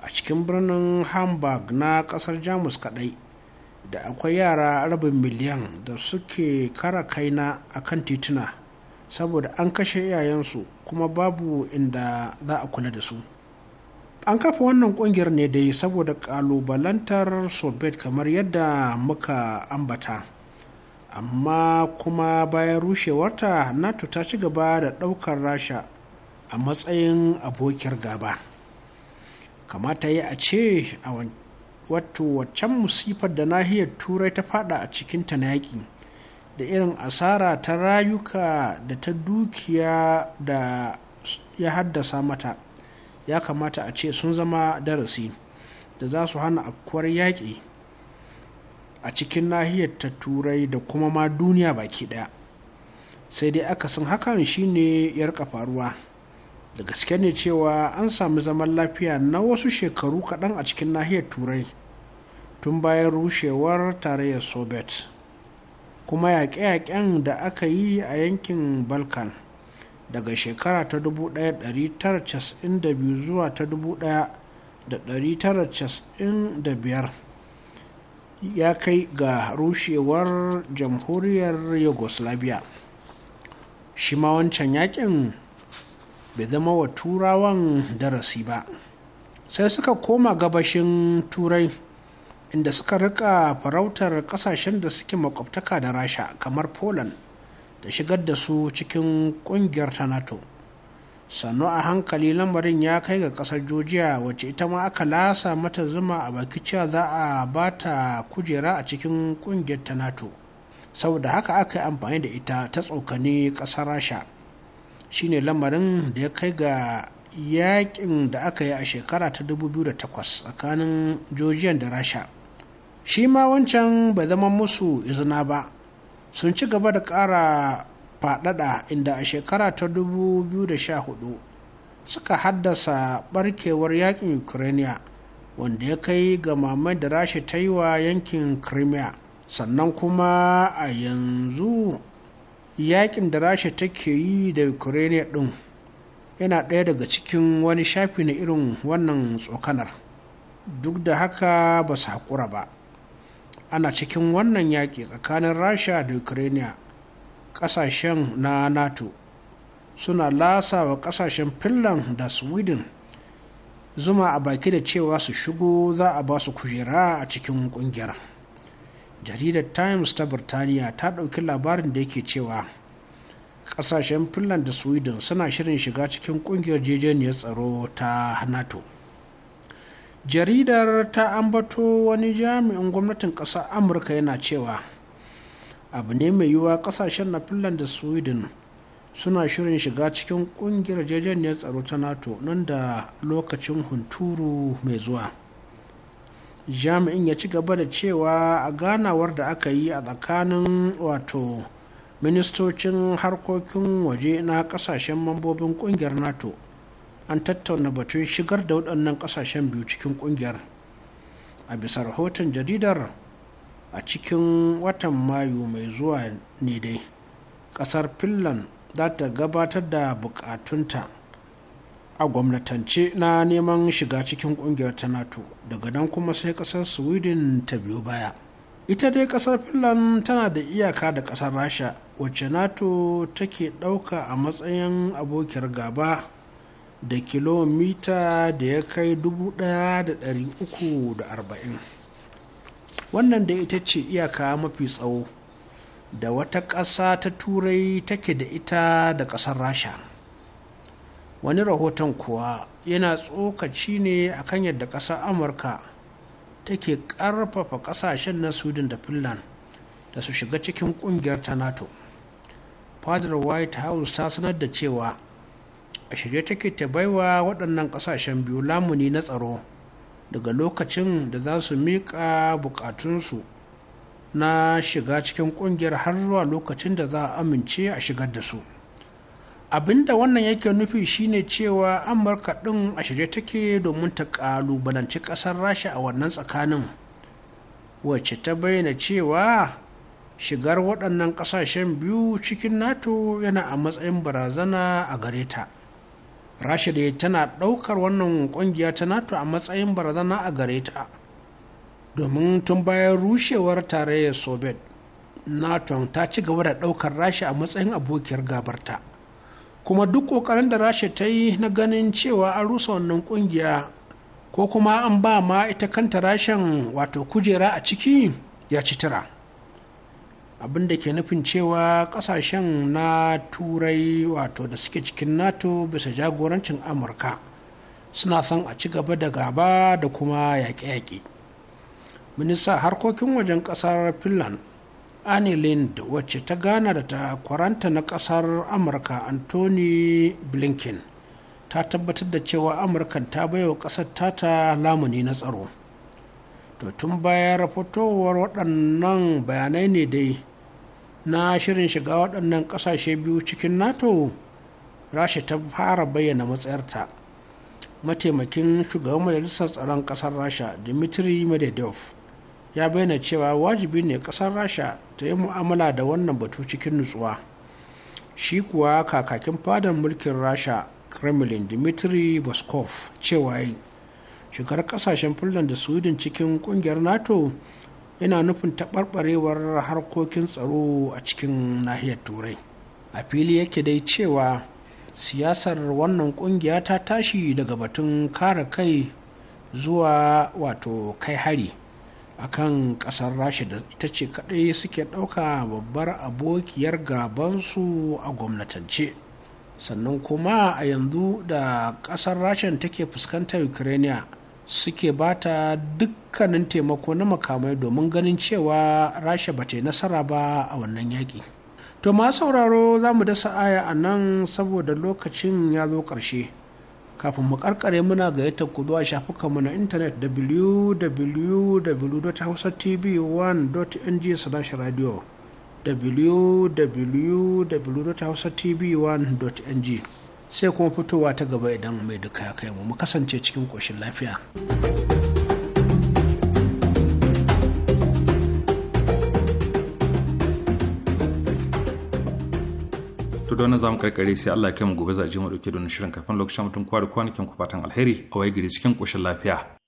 a cikin birnin hamburg na kasar jamus kadai da akwai yara rabin miliyan da suke kara kaina a kan tituna saboda an kashe iyayensu kuma babu inda za a kula da su an kafa wannan kungiyar ne dai saboda kalubalantar soviet kamar yadda muka ambata amma kuma bayan rushewarta nato ta ci gaba da ɗaukar rasha a matsayin abokiyar gaba kamata yi a ce a wato waccan musifar da nahiyar turai ta fada a cikinta na yaƙi da irin asara ta rayuka da ta dukiya da ya haddasa mata ya kamata a ce sun zama darasi da za su hana afkuwar yaƙi a cikin nahiyar ta turai da kuma ma duniya baki ɗaya sai dai akasin hakan shine ya rika faruwa da gaske ne cewa an sami zaman lafiya na wasu shekaru kaɗan a cikin nahiyar turai tun bayan rushewar tarayyar soviet kuma yaƙe-yaƙen da aka yi a yankin balkan daga shekara ta 1992 zuwa ta 1995 ya kai ga rushewar jamhuriyar yugoslavia shi ma wancan yakin bai zama wa turawan darasi ba sai suka koma gabashin turai inda suka rika farautar kasashen da suke makwabtaka da rasha kamar poland da shigar da su cikin kungiyar ta nato sannu a hankali lamarin ya kai ga kasar georgia wacce ita ma aka lasa mata zuma a baki cewa za a ba ta kujera a cikin kungiyar ta nato saboda haka aka yi amfani da ita ta tsokani kasar rasha shine lamarin da ya kai ga yakin da aka yi a shekara ta 2008 tsakanin georgian da rasha shi ma wancan bai zama musu izina ba sun ci gaba da ƙara faɗaɗa inda a shekara ta 2014 suka haddasa barkewar yakin ukraine wanda ya kai ga mamai da rasha ta yi wa yankin crimea sannan kuma a yanzu yakin da rasha take yi da ukraine din yana ɗaya daga cikin wani shafi na irin wannan tsokanar duk da haka ba su haƙura ba ana cikin wannan yaƙi tsakanin rasha da ukraine ƙasashen na nato suna lasa wa ƙasashen finland da sweden zuma a baki da cewa su shigo za a ba su kujera a cikin ƙungiyar. jaridar times ta birtaniya ta ɗauki labarin da yake cewa ƙasashen finland da sweden suna shirin shiga cikin ƙungiyar jejeniyar tsaro ta nato jaridar ta ambato wani jami'in gwamnatin ƙasar amurka yana cewa abu ne mai yiwuwa ƙasashen na finland da sweden suna shirin shiga cikin ƙungiyar jejeniyar tsaro ta nato nan da lokacin hunturu mai zuwa jami'in ya ci gaba da cewa a ganawar da aka yi a tsakanin wato ministocin harkokin waje na kasashen mambobin kungiyar nato an tattauna batun shigar da waɗannan kasashen biyu cikin kungiyar a bisa rahoton jaridar a cikin watan mayu mai zuwa ne dai ƙasar finland za ta gabatar da bukatunta a gwamnatance na neman shiga cikin kungiyar ta nato daga nan kuma sai kasar sweden ta biyo baya ita dai kasar finland tana da iyaka da kasar rasha wacce nato take ɗauka a matsayin abokiyar gaba da kilomita da ya kai 1,340 wannan da ita ce iyaka mafi tsawo da wata ƙasa ta turai take da ita da ƙasar rasha wani rahoton kuwa yana tsokaci ne akan yadda ƙasar amurka take ƙarfafa ƙasashen na sweden da finland da su shiga cikin ƙungiyar ta nato fadar white house ta sanar da cewa a shirye take ta baiwa waɗannan ƙasashen biyu lamuni na tsaro daga lokacin da za su miƙa buƙatunsu na shiga cikin ƙungiyar har zuwa lokacin da za a amince a shigar da su. abinda wannan yake nufi shine cewa amurka ɗin a shirye take domin ta ƙalubalanci ƙasar rasha a wannan tsakanin wacce ta bayyana cewa shigar waɗannan ƙasashen biyu cikin nato yana a matsayin barazana a gare ta rasha dai tana ɗaukar wannan ƙungiya ta nato a matsayin barazana a gare ta domin tun bayan rushewar tarayyar soviet nato ta ci gaba da ɗaukar rasha a matsayin abokiyar gabarta kuma duk ƙoƙarin da rasha ta yi na ganin cewa an rusa wannan ƙungiya ko kuma an ba ma ita kanta rashin wato kujera a ciki ya ci tira abin da ke nufin cewa kasashen na turai wato da suke cikin nato bisa jagorancin amurka suna son a ci gaba da gaba da kuma yaƙe-yaƙe minista harkokin wajen ƙasar finland annie lind wacce ta gana da ta'a-kwaranta na ƙasar amurka anthony blinken ta tabbatar da cewa amurkan ta baiwa kasar tata lamuni na tsaro to tun bayan rafotowar waɗannan bayanai ne dai na shirin shiga waɗannan ƙasashe biyu cikin nato rasha ta fara bayyana matsayarta mataimakin shugaban majalisar tsaron ƙasar rasha dmitry medvedev ya bayyana cewa wajibi ne ƙasar rasha ta yi mu'amala da wannan batu cikin nutsuwa shi kuwa kakakin fadar mulkin rasha kremlin dmitry boskov cewa yi shigar kasashen finland da sweden cikin kungiyar nato yana nufin taɓarɓarewar harkokin tsaro a cikin nahiyar turai a fili yake dai cewa siyasar wannan kungiya ta tashi daga batun kare kai zuwa wato kai hari akan kasar rasha da ita ce kadai suke dauka babbar abokiyar gabansu a gwamnatance sannan kuma a yanzu da kasar rashin take fuskantar ukraine suke ba ta dukkanin taimako na makamai domin ganin cewa rasha ba ta yi nasara ba a wannan yaƙi to ma sauraro za mu dasa aya a nan saboda lokacin ya zo ƙarshe kafin mu karkare muna gayyata ku zuwa shafukanmu na intanet www.hausatv1.ng slash radio www.hausatv1.ng sai kuma fitowa ta gaba idan mai duka ya kai mu mu kasance cikin ƙoshin lafiya. da wannan zamu karkare sai Allah ya kai mu gobe za a je mu dauke da wannan shirin kafin lokacin mutum kwa da kwanakin ku fatan alheri a waye gari cikin koshin lafiya